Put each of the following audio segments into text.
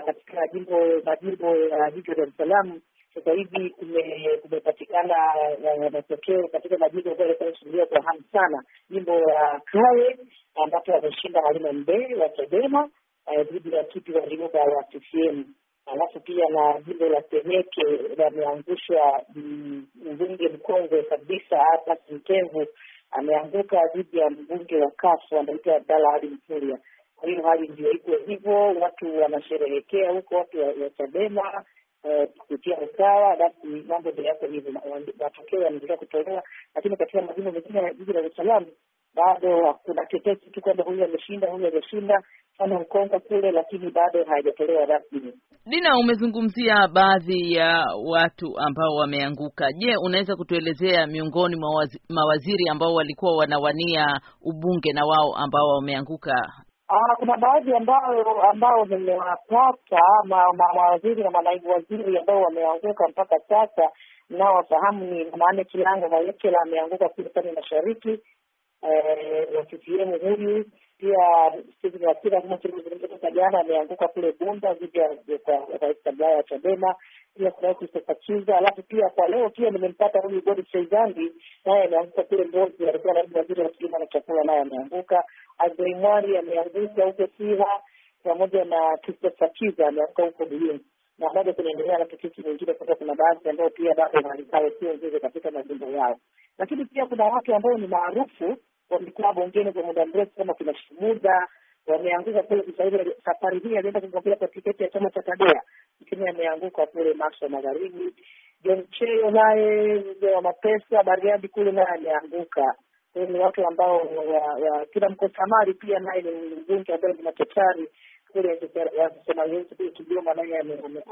katika jimbo majimbo ya jiji la Dar es Salaam sasa hivi kumepatikana eh, eh, matokeo katika majimbo ambayo yalikuwa yanasubiriwa kwa hamu sana, jimbo la Kawe ambapo wameshinda Halima mbee wa Chadema eh, dhidi ya Kipi Warioba wa CCM, alafu pia na jimbo la Temeke wameangushwa mm, mbunge mkongwe kabisa hapa Mtemvu ameanguka dhidi ya mbunge wa kafu anaitwa Abdalla Ali Mtulia. Kwa hiyo hali ndio iko hivyo, watu wanasherehekea huko, watu wa Chadema eh, kupitia Ukawa, basi mambo ndio yako hivyo, matokeo yanaendelea kutolewa. Lakini katika majimbo mengine ya jiji la Dar es Salaam bado kuna tetesi tu kwamba huyu ameshinda, huyu ameshinda sana Ukonga kule, lakini bado hayajatolewa rasmi. Dina, umezungumzia baadhi ya watu ambao wameanguka. Je, unaweza kutuelezea miongoni mwa mawaziri ambao walikuwa wanawania ubunge na wao ambao wameanguka Ah, kuna baadhi ambao ambao nimewapata mawaziri na manaibu waziri ambao wameanguka mpaka sasa, nao wafahamu ni maana Kilango Mayekela ameanguka kule pande mashariki wa eh, CCM huyu pia Stephen Wasira, tunazungumza jana, ameanguka kule Bunda dhidi ya rais Jakaya Chadema pia kuna Christopher Chiza, alafu pia kwa leo pia nimempata huyu Godfrey Zambi, naye ameanguka kule Mbozi, alikuwa naibu waziri wa kilimo na chakula, naye ameanguka. Azri Mwari ameanguka huko Siha, pamoja na Christopher Kiza ameanguka huko Buyuni na bado tunaendelea na tikiti nyingine kuta, kuna baadhi ambao pia bado hali zao sio nzuri katika majimbo yao, lakini pia kuna watu ambao ni maarufu wamekuwa bungeni kwa muda mrefu kama kuna Shimuda wameanguka kule Kiswahili. Safari hii alienda kugombea kwa tiketi ya chama cha Tadea, lakini ameanguka kule Maswa Magharibi. John Cheyo naye mja wa mapesa Bariadi kule naye ameanguka. ni watu ambao kila Mkosamari pia naye ni mbunge ambaye ni machachari kule Kigoma naye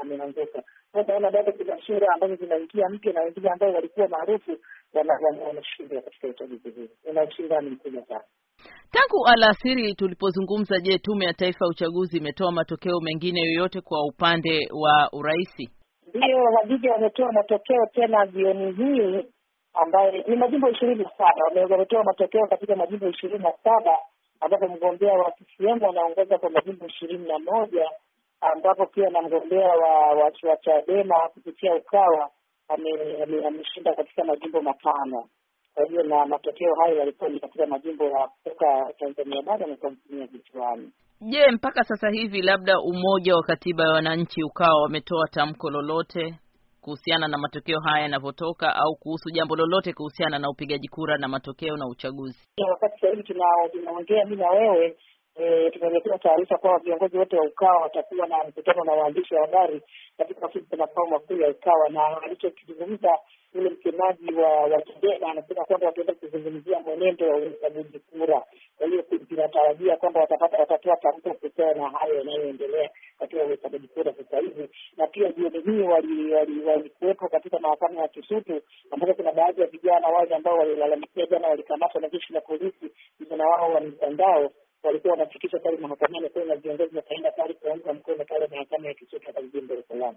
ameanguka. Naona bado kuna sura ambazo zinaingia mpya na wengine ambao walikuwa maarufu wanashindwa katika uchaguzi huu, una ushindani mkubwa sana. Tangu alasiri tulipozungumza, je, Tume ya Taifa ya Uchaguzi imetoa matokeo mengine yoyote kwa upande wa uraisi? Ndiyo, Hadija, wametoa matokeo tena jioni hii ambaye ni majimbo ishirini na saba. Wametoa matokeo katika majimbo ishirini na saba ambapo mgombea wa CCM anaongoza kwa majimbo ishirini na moja ambapo pia na mgombea wa wa Chadema kupitia Ukawa ameshinda katika majimbo matano. Kwa hiyo na matokeo hayo yalikuwa ni katika majimbo ya kutoka Tanzania bara na Tanzania visiwani. Je, mpaka sasa hivi labda Umoja wa Katiba ya Wananchi ukawa wametoa tamko lolote kuhusiana na matokeo haya yanavyotoka au kuhusu jambo lolote kuhusiana na upigaji kura na matokeo na uchaguzi? Wakati sasa hivi tunaongea mimi na wewe, E, tumeelekewa taarifa kwamba viongozi wote wa UKAWA watakuwa na mkutano na waandishi wa habari katika ofisi za makao makuu ya UKAWA, na alichokizungumza yule msemaji wa Chadema anasema kwamba wataenda kuzungumzia mwenendo wa uhesabuji kura. Kwa hiyo tunatarajia kwamba watapata watatoa tamko kuhusiana na hayo yanayoendelea katika uhesabuji kura sasa hivi, na pia jioni hii walikuwepo katika mahakama ya Kisutu ambapo kuna baadhi ya vijana wale ambao walilalamikia jana walikamatwa na jeshi la polisi, vijana wao wa mitandao walikuwa wanafikisha pale mahakamani, kwa na viongozi wakaenda pale kuunga mkono pale mahakama ya Kisutu hapa jijini Dar es Salaam.